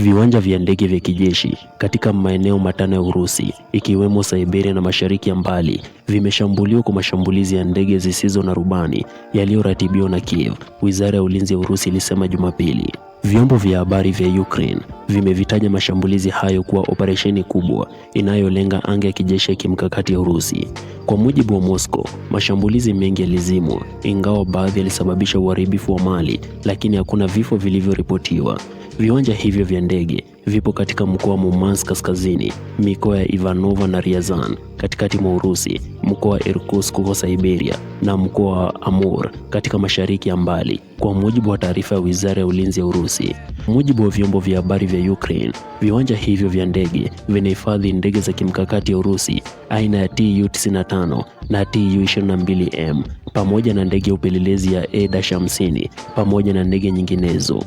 Viwanja vya ndege vya kijeshi katika maeneo matano ya Urusi ikiwemo Siberia na Mashariki ya Mbali vimeshambuliwa kwa mashambulizi ya ndege zisizo na rubani yaliyoratibiwa na Kiev, Wizara ya Ulinzi ya Urusi ilisema Jumapili. Vyombo vya habari vya Ukraine vimevitaja mashambulizi hayo kuwa operesheni kubwa inayolenga anga ya kijeshi ya kimkakati ya Urusi. Kwa mujibu wa Moscow, mashambulizi mengi yalizimwa, ingawa baadhi yalisababisha uharibifu wa mali, lakini hakuna vifo vilivyoripotiwa. Viwanja hivyo vya ndege vipo katika mkoa wa Murmansk kaskazini, mikoa ya Ivanova na Ryazan katikati mwa Urusi, mkoa wa Irkutsk huko Siberia na mkoa wa Amur katika mashariki ya mbali, kwa mujibu wa taarifa ya Wizara ya Ulinzi ya Urusi. Mujibu wa vyombo vya habari vya Ukraine, viwanja hivyo vya ndege vinahifadhi ndege za kimkakati ya Urusi aina ya Tu-95 na Tu-22M pamoja na ndege ya upelelezi ya e A-50 pamoja na ndege nyinginezo.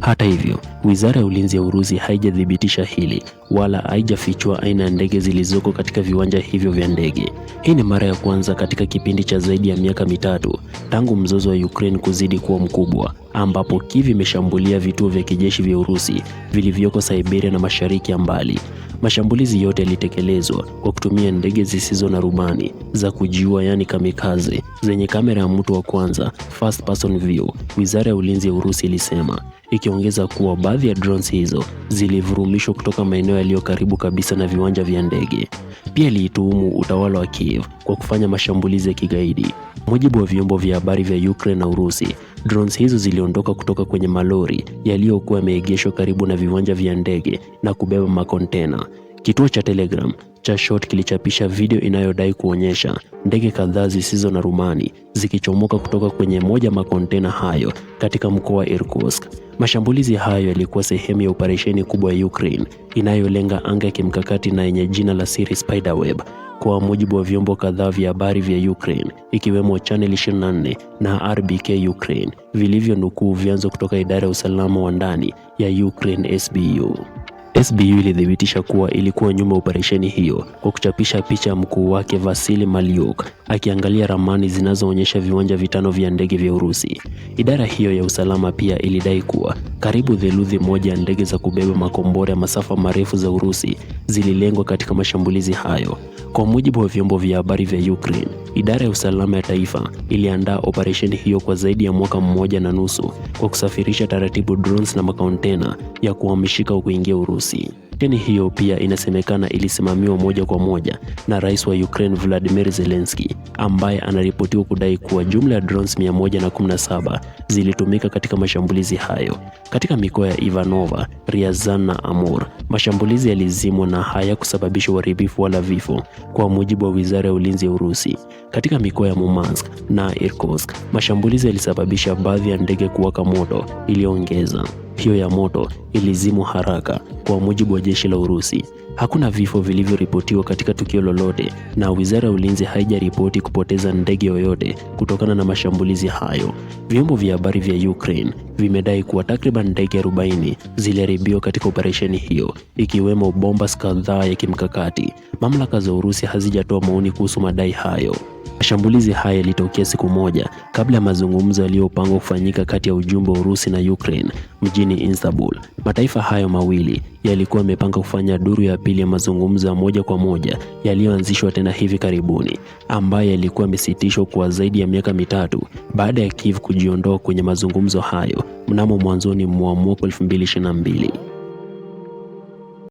Hata hivyo, Wizara ya Ulinzi ya Urusi haijathibitisha hili wala haijafichua aina ya ndege zilizoko katika viwanja hivyo vya ndege. Hii ni mara ya kwanza katika kipindi cha zaidi ya miaka mitatu tangu mzozo wa Ukraine kuzidi kuwa mkubwa ambapo kivi imeshambulia vituo vya kijeshi vya Urusi vilivyoko Siberia na Mashariki ya Mbali. Mashambulizi yote yalitekelezwa kwa kutumia ndege zisizo na rubani za kujiua, yani kamikaze, zenye kamera ya mtu wa kwanza, first person view, Wizara ya Ulinzi ya Urusi ilisema, ikiongeza kuwa baadhi ya drones hizo zilivurumishwa kutoka maeneo yaliyo karibu kabisa na viwanja vya ndege pia iliituhumu utawala wa Kiev kwa kufanya mashambulizi ya kigaidi. Mujibu wa vyombo vya habari vya Ukraine na Urusi, drones hizo ziliondoka kutoka kwenye malori yaliyokuwa yameegeshwa karibu na viwanja vya ndege na kubeba makontena. Kituo cha Telegram Chashot kilichapisha video inayodai kuonyesha ndege kadhaa zisizo na rumani zikichomoka kutoka kwenye moja makontena hayo katika mkoa wa Irkutsk. Mashambulizi hayo yalikuwa sehemu ya operesheni kubwa ya Ukraine inayolenga anga ya kimkakati na yenye jina la siri Spiderweb, kwa mujibu wa vyombo kadhaa vya habari vya Ukraine ikiwemo Channel 24 na RBK Ukraine vilivyonukuu vyanzo kutoka idara ya usalama wa ndani ya Ukraine SBU. SBU ilithibitisha kuwa ilikuwa nyuma ya operesheni hiyo kwa kuchapisha picha ya mkuu wake vasili maliuk akiangalia ramani zinazoonyesha viwanja vitano vya ndege vya Urusi. Idara hiyo ya usalama pia ilidai kuwa karibu theluthi moja ya ndege za kubeba makombora ya masafa marefu za Urusi zililengwa katika mashambulizi hayo. Kwa mujibu wa vyombo vya habari vya Ukraine, idara ya usalama ya taifa iliandaa operesheni hiyo kwa zaidi ya mwaka mmoja na nusu kwa kusafirisha taratibu drones na makontena ya kuhamishika kuingia Urusi. Operesheni hiyo pia inasemekana ilisimamiwa moja kwa moja na Rais wa Ukraine vladimir Zelensky ambaye anaripotiwa kudai kuwa jumla ya drones 117 zilitumika katika mashambulizi hayo. Katika mikoa ya Ivanova, Ryazan na Amur, mashambulizi yalizimwa na hayakusababisha uharibifu wala vifo, kwa mujibu wa Wizara ya Ulinzi ya Urusi. Katika mikoa ya Murmansk na Irkutsk, mashambulizi yalisababisha baadhi ya ndege kuwaka moto, iliongeza hiyo ya moto ilizimwa haraka, kwa mujibu wa jeshi la Urusi. Hakuna vifo vilivyoripotiwa katika tukio lolote, na wizara ya ulinzi haijaripoti kupoteza ndege yoyote kutokana na mashambulizi hayo. Vyombo vya habari vya Ukraine vimedai kuwa takriban ndege 40 ziliharibiwa katika operesheni hiyo, ikiwemo bomba kadhaa ya kimkakati. Mamlaka za Urusi hazijatoa maoni kuhusu madai hayo. Mashambulizi haya yalitokea siku moja kabla ya mazungumzo yaliyopangwa kufanyika kati ya ujumbe wa Urusi na Ukraine mjini Istanbul. Mataifa hayo mawili yalikuwa yamepanga kufanya duru ya pili ya mazungumzo ya moja kwa moja yaliyoanzishwa tena hivi karibuni, ambayo yalikuwa yamesitishwa kwa zaidi ya miaka mitatu baada ya Kiev kujiondoa kwenye mazungumzo hayo mnamo mwanzoni mwa mwaka 2022.